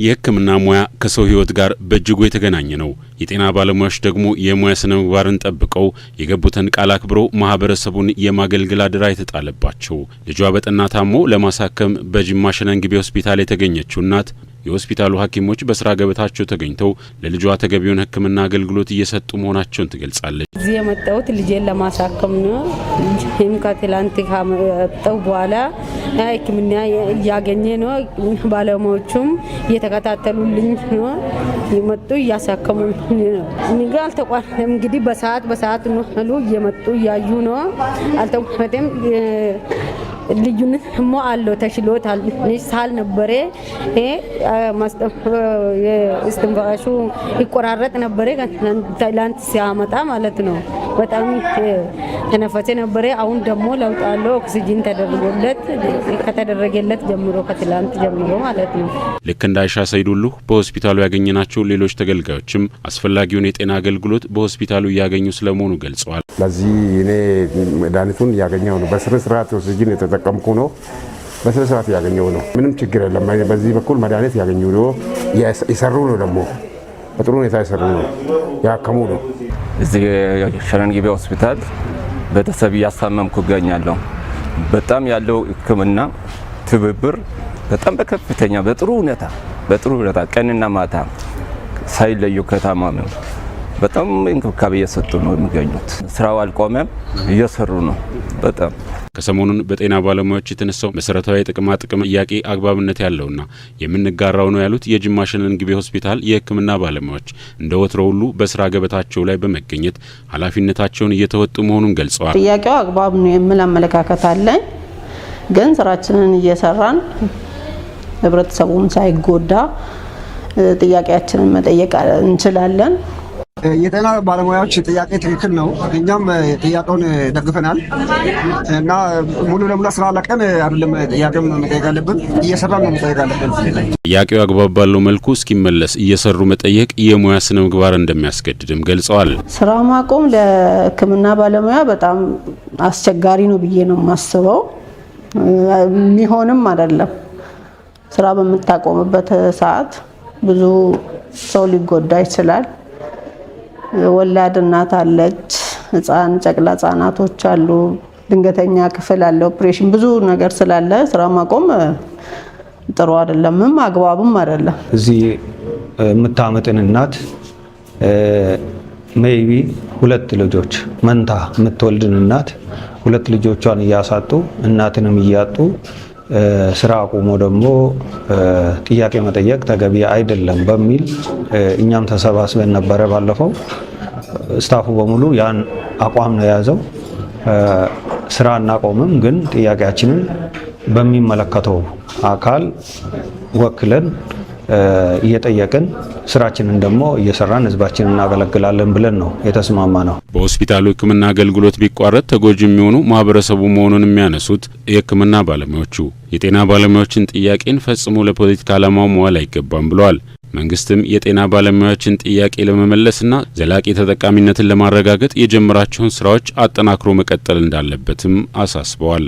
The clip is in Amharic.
የሕክምና ሙያ ከሰው ሕይወት ጋር በእጅጉ የተገናኘ ነው። የጤና ባለሙያዎች ደግሞ የሙያ ስነ ምግባርን ጠብቀው የገቡትን ቃል አክብሮ ማህበረሰቡን የማገልገል አደራ የተጣለባቸው ልጇ በጠና ታሞ ለማሳከም በጅማ ሸነንግቤ ሆስፒታል የተገኘችው እናት የሆስፒታሉ ሐኪሞች በስራ ገበታቸው ተገኝተው ለልጇ ተገቢውን ሕክምና አገልግሎት እየሰጡ መሆናቸውን ትገልጻለች። እዚህ የመጣሁት ልጄን ለማሳከም ነው። ይህም ከትላንት ከመጣሁ በኋላ ሕክምና እያገኘ ነው። ባለሙያዎቹም እየተከታተሉልኝ ነው። እየመጡ እያሳከሙ ነው። ንግ አልተቋረጠም። እንግዲህ በሰዓት በሰዓት ነው እየመጡ እያዩ ነው። አልተቋረጠም። ልዩነት ሞ አለው ተችሎታል። ሳል ነበረ እስትንፋሹ ይቆራረጥ ነበረ ትላንት ሲያመጣ ማለት ነው። በጣም ተነፈሴ ነበረ። አሁን ደግሞ ለውጥ አለው። ኦክሲጂን ተደርጎለት ከተደረገለት ጀምሮ ከትላንት ጀምሮ ማለት ነው። ልክ እንደ አይሻ ሰይድ ሁሉ በሆስፒታሉ ያገኘናቸው ሌሎች ተገልጋዮችም አስፈላጊውን የጤና አገልግሎት በሆስፒታሉ እያገኙ ስለመሆኑ ገልጸዋል። ለዚህ እኔ መድኃኒቱን እያገኘው ነው። በስነ ስርዓት ኦክሲጂን የተጠቀምኩ ነው። በስነ ስርዓት እያገኘው ነው። ምንም ችግር የለም። በዚህ በኩል መድኃኒት ያገኙ ነው። የሰሩ ነው ደግሞ በጥሩ ሁኔታ የሰሩ ነው ያከሙ ነው። እዚህ ሸነን ጊቤ ሆስፒታል ቤተሰብ እያሳመምኩ እገኛለሁ። በጣም ያለው ሕክምና ትብብር በጣም በከፍተኛ በጥሩ ሁኔታ በጥሩ ሁኔታ ቀንና ማታ ሳይለዩ ከታማሚው በጣም እንክብካቤ እየሰጡ ነው የሚገኙት። ስራው አልቆመም፣ እየሰሩ ነው በጣም ከሰሞኑን በጤና ባለሙያዎች የተነሳው መሰረታዊ የጥቅማ ጥቅም ጥያቄ አግባብነት ያለውና የምንጋራው ነው ያሉት የጅማ ሸለንግቤ ሆስፒታል የሕክምና ባለሙያዎች እንደ ወትሮ ሁሉ በስራ ገበታቸው ላይ በመገኘት ኃላፊነታቸውን እየተወጡ መሆኑን ገልጸዋል። ጥያቄው አግባብ ነው የሚል አመለካከት አለኝ። ግን ስራችንን እየሰራን ህብረተሰቡም ሳይጎዳ ጥያቄያችንን መጠየቅ እንችላለን። የጤና ባለሙያዎች ጥያቄ ትክክል ነው። እኛም ጥያቄውን ደግፈናል እና ሙሉ ለሙሉ ስራ ለቀን አይደለም ጥያቄም መጠየቅ አለብን። እየሰራ ነው መጠየቅ አለብን። ጥያቄው አግባብ ባለው መልኩ እስኪመለስ እየሰሩ መጠየቅ የሙያ ስነ ምግባር እንደሚያስገድድም ገልጸዋል። ስራ ማቆም ለሕክምና ባለሙያ በጣም አስቸጋሪ ነው ብዬ ነው የማስበው። የሚሆንም አይደለም። ስራ በምታቆምበት ሰዓት ብዙ ሰው ሊጎዳ ይችላል። ወላድ እናት አለች፣ ህፃን ጨቅላ ህጻናቶች አሉ፣ ድንገተኛ ክፍል አለ፣ ኦፕሬሽን ብዙ ነገር ስላለ ስራ ማቆም ጥሩ አይደለምም አግባብም አይደለም። እዚህ የምታመጥን እናት ሜይቢ ሁለት ልጆች መንታ የምትወልድን እናት ሁለት ልጆቿን እያሳጡ እናትንም እያጡ ስራ አቁሞ ደግሞ ጥያቄ መጠየቅ ተገቢ አይደለም በሚል እኛም ተሰባስበን ነበረ። ባለፈው ስታፉ በሙሉ ያን አቋም ነው የያዘው። ስራ እናቆምም ግን ጥያቄያችንን በሚመለከተው አካል ወክለን እየጠየቅን ስራችንን ደግሞ እየሰራን ህዝባችን እናገለግላለን ብለን ነው የተስማማ ነው። በሆስፒታሉ የህክምና አገልግሎት ቢቋረጥ ተጎጂ የሚሆኑ ማህበረሰቡ መሆኑን የሚያነሱት የህክምና ባለሙያዎቹ የጤና ባለሙያዎችን ጥያቄን ፈጽሞ ለፖለቲካ ዓላማው መዋል አይገባም ብለዋል። መንግስትም የጤና ባለሙያዎችን ጥያቄ ለመመለስና ዘላቂ ተጠቃሚነትን ለማረጋገጥ የጀመራቸውን ስራዎች አጠናክሮ መቀጠል እንዳለበትም አሳስበዋል።